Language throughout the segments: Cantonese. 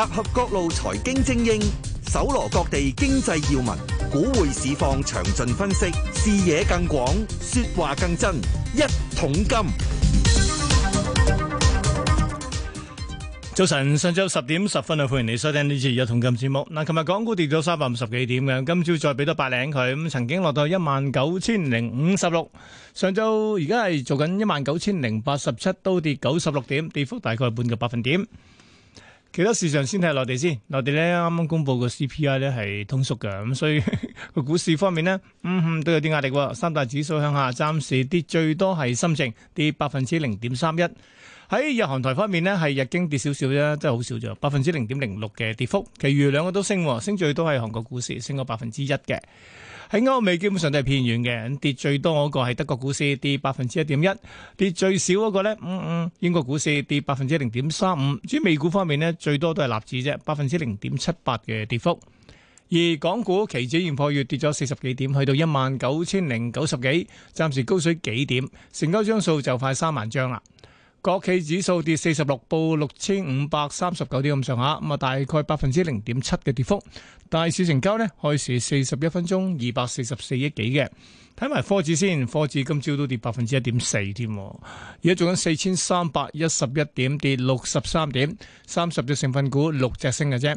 集合各路財經精英，搜羅各地經濟要聞，股匯市況詳盡分析，視野更廣，說話更真。一桶金，早晨，上晝十點十分啊！歡迎你收聽呢次一桶金節目。嗱，琴日港股跌咗三百五十幾點嘅，今朝再俾多百零佢，咁曾經落到一萬九千零五十六，上晝而家係做緊一萬九千零八十七，都跌九十六點，跌幅大概半個百分點。其他市場先睇吓內地先，內地咧，啱啱公佈個 CPI 咧，係通縮嘅，咁所以個 股市方面咧，嗯哼、嗯、都有啲壓力喎。三大指數向下，暫時跌最多係深證，跌百分之零點三一。喺日韓台方面呢係日經跌少少啫，真係好少啫，百分之零點零六嘅跌幅。其餘兩個都升，升最多係韓國股市升咗百分之一嘅。喺歐美基本上都係偏軟嘅，跌最多嗰個係德國股市跌百分之一點一，跌最少嗰個呢，嗯嗯，英國股市跌百分之零點三五。至於美股方面呢，最多都係納指啫，百分之零點七八嘅跌幅。而港股期指現貨月跌咗四十幾點，去到一萬九千零九十幾，暫時高水幾點，成交張數就快三萬張啦。國企指數跌四十六，報六千五百三十九點咁上下，咁啊大概百分之零點七嘅跌幅。大市成交咧，開市四十一分鐘二百四十四億幾嘅。睇埋科指先，科指今朝都跌百分之一點四添，而家做緊四千三百一十一點，跌六十三點，三十隻成分股六隻升嘅啫。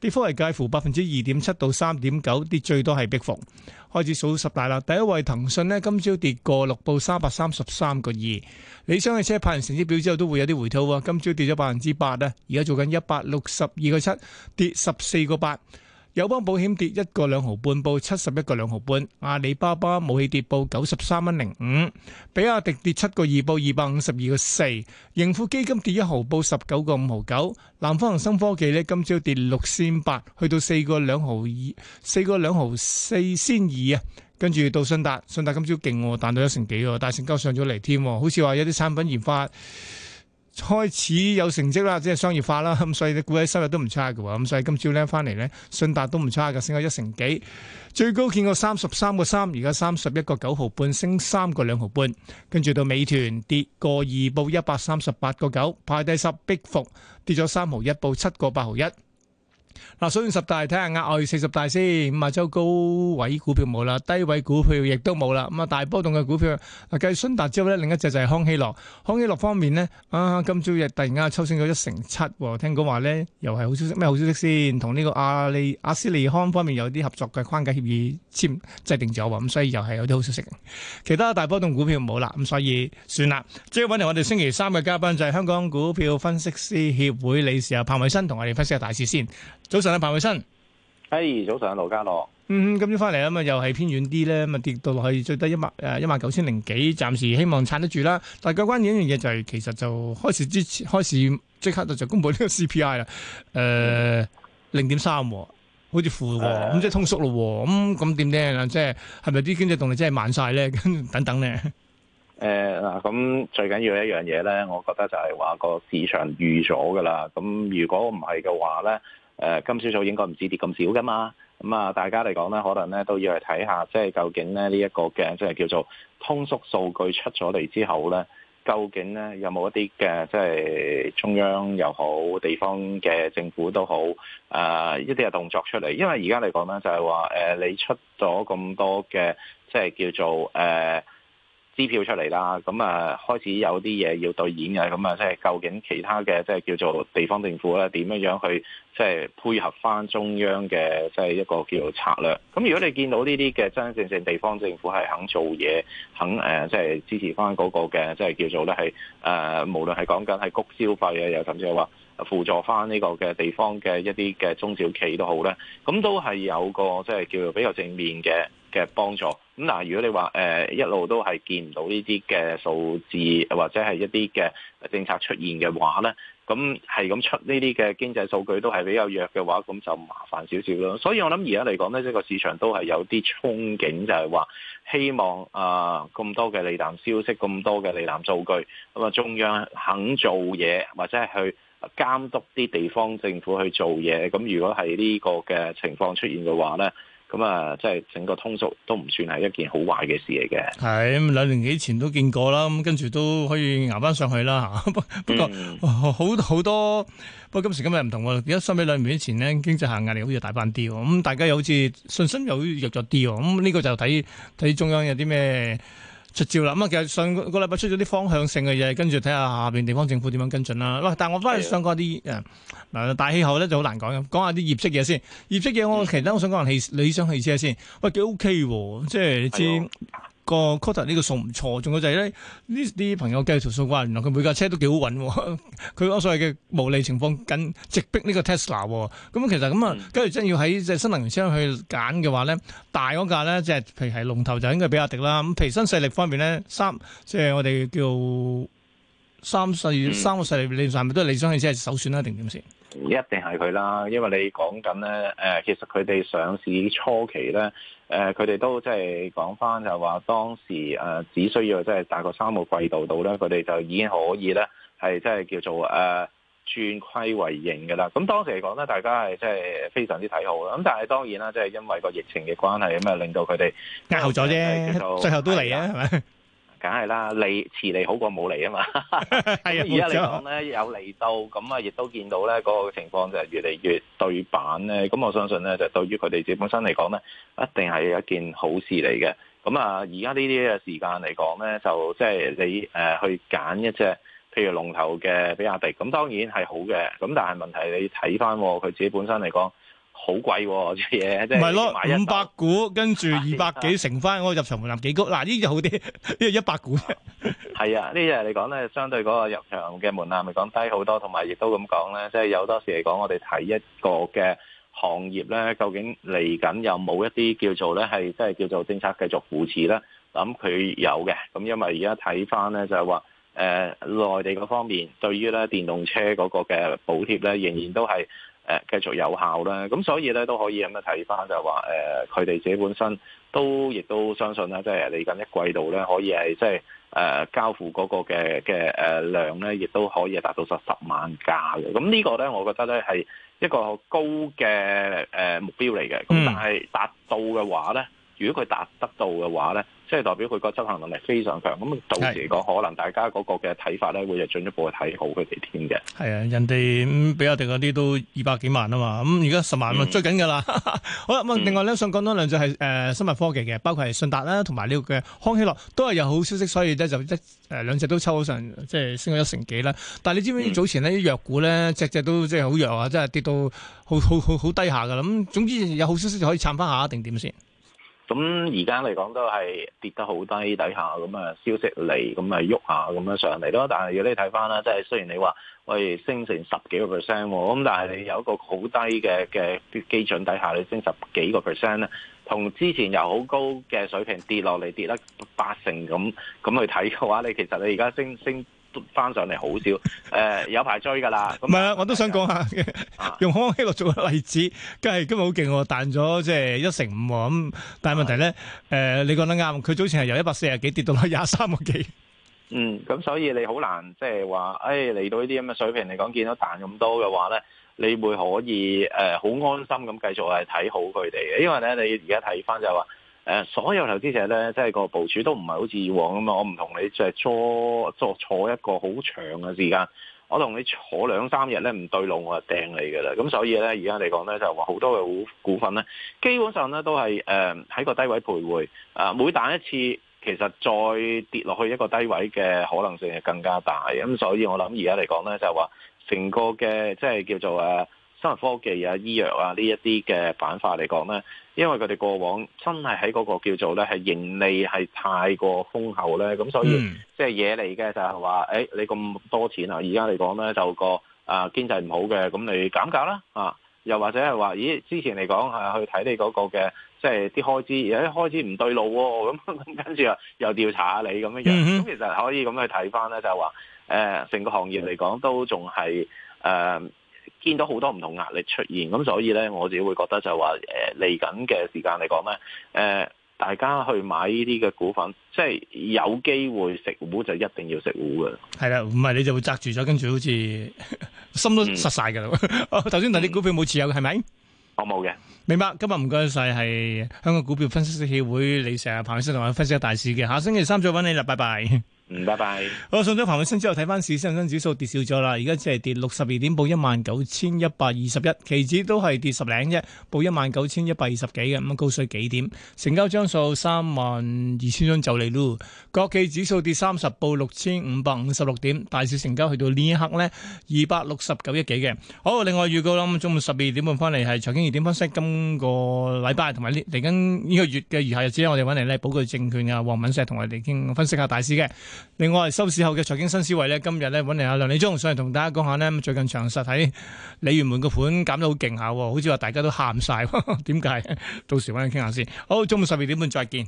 跌幅係介乎百分之二點七到三點九，跌最多係碧服。開始數十大啦，第一位騰訊呢，今朝跌過六部三百三十三個二。理想汽車派完成績表之後，都會有啲回吐喎，今朝跌咗百分之八啊，而家做緊一百六十二個七，跌十四個八。友邦保險跌一個兩毫半，報七十一個兩毫半。阿里巴巴武器跌報九十三蚊零五，比亞迪跌七個二，報二百五十二個四。盈富基金跌一毫，報十九個五毫九。南方恒生科技呢，今朝跌六先八，去到四個兩毫二，四個兩毫四先二啊。跟住到信達，信達今朝勁，彈到一成幾，大成交上咗嚟添，好似話有啲產品研發。開始有成績啦，即係商業化啦，咁所以啲股息收入都唔差㗎喎，咁所以今朝咧翻嚟咧，信達都唔差㗎，升咗一成幾，最高見過三十三個三，而家三十一個九毫半，升三個兩毫半，跟住到美團跌個二，報一百三十八個九，派低十，逼伏跌咗三毫一，報七個八毫一。嗱，所以十大睇下額外四十大先，五啊周高位股票冇啦，低位股票亦都冇啦，咁啊大波動嘅股票嗱，繼順達之後咧，另一隻就係康希諾。康希諾方面呢，啊今朝日突然間抽升咗一成七，聽講話呢，又係好消息，咩好消息先？同呢個阿里阿斯利康方面有啲合作嘅框架協議簽制定咗，咁所以又係有啲好消息。其他大波動股票冇啦，咁所以算啦。即係揾嚟我哋星期三嘅嘉賓就係香港股票分析師協會理事阿彭偉新，同我哋分析下大市先。早晨啊，彭偉新。誒、hey,，盧嗯、早晨啊，盧家樂。嗯今朝翻嚟啊嘛，又係偏遠啲咧，咁啊跌到去最低一萬誒一萬九千零幾，暫時希望撐得住啦。但係個關鍵一樣嘢就係、是，其實就開始之前開始即刻就就公布呢個 CPI 啦。誒，零點三，好似負喎，咁即係通縮咯。咁咁點咧？即係係咪啲經濟動力真係慢晒咧？ 等等咧呢。誒嗱、呃，咁最緊要一樣嘢咧，我覺得就係話個市場預咗噶啦。咁如果唔係嘅話咧，誒今朝早應該唔止跌咁少噶嘛，咁、嗯、啊大家嚟講咧，可能咧都要嚟睇下，即係究竟咧呢一、這個嘅即係叫做通縮數據出咗嚟之後咧，究竟咧有冇一啲嘅即係中央又好，地方嘅政府都好，啊、呃、一啲嘅動作出嚟，因為而家嚟講咧就係話誒你出咗咁多嘅即係叫做誒。呃支票出嚟啦，咁啊開始有啲嘢要對演嘅，咁啊即係究竟其他嘅即係叫做地方政府咧點樣樣去即係、就是、配合翻中央嘅即係一個叫做策略。咁如果你見到呢啲嘅真真正正的地方政府係肯做嘢，肯誒即係支持翻嗰個嘅即係叫做咧係誒無論係講緊係谷消費啊，又甚至係話輔助翻呢個嘅地方嘅一啲嘅中小企好都好咧，咁都係有個即係、就是、叫做比較正面嘅。嘅幫助咁嗱，如果你話誒、呃、一路都係見唔到呢啲嘅數字，或者係一啲嘅政策出現嘅話呢，咁係咁出呢啲嘅經濟數據都係比較弱嘅話，咁就麻煩少少咯。所以我諗而家嚟講呢即係、就是、個市場都係有啲憧憬，就係、是、話希望啊咁多嘅利淡消息，咁多嘅利淡數據，咁啊中央肯做嘢，或者係去監督啲地方政府去做嘢。咁如果係呢個嘅情況出現嘅話呢。咁啊，即係、嗯就是、整個通縮都唔算係一件好壞嘅事嚟嘅。係兩年幾前都見過啦，咁跟住都可以捱翻上去啦嚇。 不過、嗯、好好，好多，不過今時今日唔同喎。而家相比兩年幾前呢，經濟下行壓力好似大翻啲喎。咁大家又好似信心又弱咗啲喎。咁、這、呢個就睇睇中央有啲咩？出招啦！咁啊，其實上個禮拜出咗啲方向性嘅嘢，跟住睇下下邊地方政府點樣跟進啦。喂，但係我翻去想講啲誒嗱大氣候咧就好難講嘅。講下啲業績嘢先，業績嘢我其實我想講下汽理想汽車先。喂，幾 OK 喎？即係你知道。哎個 quota 呢個數唔錯，仲有就係咧，呢啲朋友計條數話，原來佢每架車都幾好運，佢 嗰所謂嘅無理情況跟直逼呢個 Tesla、嗯。咁、嗯、其實咁啊，假如真要喺即係新能源車去揀嘅話咧，大嗰架咧即係係龍頭就應該比阿迪啦。咁譬如新勢力方面咧，三即係我哋叫三勢三個勢力，勢力上是是是你係咪都係理想汽車首選啦？定點先？唔一定係佢啦，因為你講緊咧，誒、呃，其實佢哋上市初期咧，誒、呃，佢哋都即係講翻就係話當時、呃、只需要即係大概三個季度度咧，佢哋就已經可以咧，係即係叫做誒轉虧為盈嘅啦。咁當時嚟講咧，大家係即係非常之睇好啦。咁但係當然啦，即、就、係、是、因為個疫情嘅關係咁啊，令到佢哋押後咗啫，最後都嚟啊，係咪吧？ 梗係啦，你遲嚟好過冇嚟啊嘛！咁而家嚟講咧， 有嚟到，咁啊亦都見到咧，嗰個情況就係越嚟越對版咧。咁我相信咧，就對於佢哋自己本身嚟講咧，一定係有一件好事嚟嘅。咁啊，而家呢啲嘅時間嚟講咧，就即係、就是、你誒、呃、去揀一隻，譬如龍頭嘅比亞迪，咁當然係好嘅。咁但係問題你睇翻佢自己本身嚟講。好貴喎、啊！啲嘢即係買五百股，跟住二百幾乘翻， 我入場門檻幾高？嗱呢啲好啲，呢個一百股而。係 啊，呢啲嚟講咧，相對嗰個入場嘅門檻咪講低好多，同埋亦都咁講咧，即、就、係、是、有多時嚟講，我哋睇一個嘅行業咧，究竟嚟緊有冇一啲叫做咧係即係叫做政策繼續扶持咧？咁、嗯、佢有嘅，咁因為而家睇翻咧就係話誒內地嗰方面對於咧電動車嗰個嘅補貼咧，仍然都係。誒繼續有效啦，咁所以咧都可以咁樣睇翻，就係話誒佢哋自己本身都亦都相信咧，即係嚟緊一季度咧可以係即係誒、呃、交付嗰個嘅嘅誒量咧，亦都可以係達到十萬架嘅。咁呢個咧，我覺得咧係一個高嘅誒、呃、目標嚟嘅。咁但係達到嘅話咧。嗯如果佢達得到嘅話咧，即、就、係、是、代表佢個執行能力非常強。咁到時嚟講，可能大家嗰個嘅睇法咧，會係進一步去睇好佢哋添嘅。係啊，人哋、嗯、比我哋嗰啲都二百幾萬啊嘛。咁而家十萬追緊㗎啦。 好啦，咁、嗯嗯、另外咧想講多兩隻係誒生物科技嘅，包括係信達啦，同埋呢個嘅康希諾都係有好消息，所以咧就一誒、呃、兩隻都抽咗上，即係升咗一成幾啦。但係你知唔知早前呢啲藥股咧，隻隻都即係好弱啊，即係跌到好好好好低下㗎啦。咁總之有好消息就可以撐翻下定點先。咁而家嚟講都係跌得好低底下，咁啊消息嚟，咁咪喐下，咁樣上嚟咯。但係如果你睇翻啦，即係雖然你話喂，升成十幾個 percent，咁但係你有一個好低嘅嘅基準底下，你升十幾個 percent 咧，同之前由好高嘅水平跌落嚟，跌得八成咁咁去睇嘅話，你其實你而家升升。升翻上嚟好少，誒、呃、有排追㗎啦。唔係啊，是我都想講下， 用康希諾做例子，梗係今日好勁喎，彈咗即係一成五喎。咁但係問題咧，誒、呃、你講得啱，佢早前係由一百四十幾跌到去廿三個幾。嗯，咁所以你好難即係話，誒、就、嚟、是哎、到呢啲咁嘅水平嚟講，見到彈咁多嘅話咧，你會可以誒好、呃、安心咁繼續係睇好佢哋嘅，因為咧你而家睇翻就話、是。誒、呃、所有投資者咧，即係個部署都唔係好似以往啊嘛！我唔同你就坐，坐坐坐一個好長嘅時間，我同你坐兩三日咧唔對路，我就掟你㗎啦。咁所以咧，而家嚟講咧，就話好多嘅股股份咧，基本上咧都係誒喺個低位徘徊啊、呃！每彈一次，其實再跌落去一個低位嘅可能性係更加大。咁、嗯、所以我諗而家嚟講咧，就話成個嘅即係叫做誒、啊。生物科技啊、醫藥啊呢一啲嘅板塊嚟講咧，因為佢哋過往真係喺嗰個叫做咧係盈利係太過豐厚咧，咁所以即係嘢嚟嘅就係話，誒、欸、你咁多錢啊！而家嚟講咧就個啊、呃、經濟唔好嘅，咁你減價啦啊！又或者係話，咦之前嚟講係去睇你嗰個嘅即係啲開支，而、欸、家開支唔對路喎、哦，咁 咁跟住又，又調查下你咁樣樣。咁、嗯、哼其實可以咁去睇翻咧，就係話誒，成、呃、個行業嚟講都仲係誒。呃見到好多唔同壓力出現，咁所以咧，我自己會覺得就話，誒嚟緊嘅時間嚟講咧，誒、呃、大家去買呢啲嘅股份，即係有機會食糊就一定要食糊嘅，係啦，唔係你就會窒住咗，跟住好似 心都實晒噶啦。頭先嗱，啲、 哦、股票冇持有嘅係咪？我冇嘅，明白。今日唔該晒，係香港股票分析師協會你成日彭偉新同我分析大市嘅，下星期三再搵你，拜拜。嗯，拜拜。好，送咗彭偉新之後，睇翻市，恒生指數跌少咗啦，而家只係跌六十二點，報一萬九千一百二十一。期指都係跌十零啫，報一萬九千一百二十幾嘅，咁高水幾點？成交張數三萬二千張就嚟咯。國企指數跌三十，報六千五百五十六點。大市成交去到呢一刻呢，二百六十九億幾嘅。好，另外預告啦，咁中午十二點半翻嚟係財經熱點分析，今個禮拜同埋嚟緊呢個月嘅餘下日子，我哋揾嚟呢寶钜證券嘅黃敏石同我哋傾分析下大市嘅。另外收市後嘅財經新思維咧，今日咧揾嚟阿梁李忠上嚟同大家講下呢，最近長實喺鯉魚門個盤減得好勁下，好似話大家都喊晒，點解？ 到時揾你傾下先。好，中午十二點半再見。